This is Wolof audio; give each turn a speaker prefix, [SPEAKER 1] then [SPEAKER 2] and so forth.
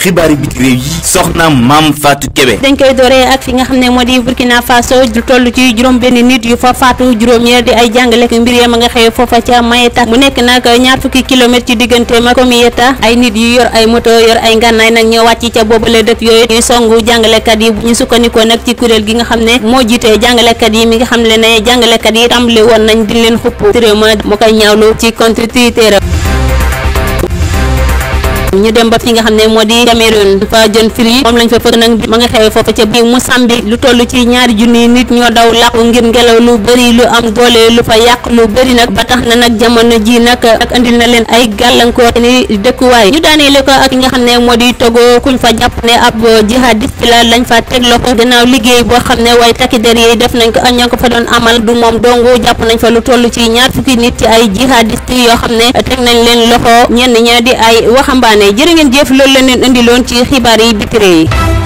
[SPEAKER 1] xibaari biti réew yi soxna maam Fatou Kébé.
[SPEAKER 2] dañ koy dooree ak fi nga xam ne moo di Burkina Faso lu toll ci juróom benn nit yu fa faatu juróom-ñeer di ay jàngalek mbir ya ma nga xew foofa ca Mayeta mu nekk nag ñaar fukki kilomètres ci digganteem ak Komieta ay nit yu yor ay moto yor ay ngànnaay nag ñoo wàcc ca la dëkk yooyu ñuy songu jàngalekat yi bu ñu sukkandikoo nag ci kuréel gi nga xam ne moo jiitee jàngalekat yi mi nga xam ne ne jàngalekat yi tàmbali woon nañ di leen xupp tréma mu koy ñaawlu ci contre Twitter ñu dem ba fi nga xam ne moo di Cameroun fa jën firi moom lañ fa fëkk nag ma nga xewee foofa ca biir Mozambique lu toll ci ñaari junni nit ñoo daw làqu ngir ngelaw lu bëri lu am doole lu fa yàq lu bëri nag na nag jamono ji nag nag andil na leen ay gàllankoor ni dëkkuwaay ñu fa la lañ fa teg loxo gannaaw liggéey boo xam ne waaye takki der yi def nañ ko ak ñoo ko fa doon amal du moom dong jàpp nañ fa lu toll ci ñaar fukki nit ci ay jihadiste yoo xam ne teg nañ leen loxo ñenn ña di ay waxambaane jërë ngeen jëf leen indiloon ci xibaar yi bitiré yi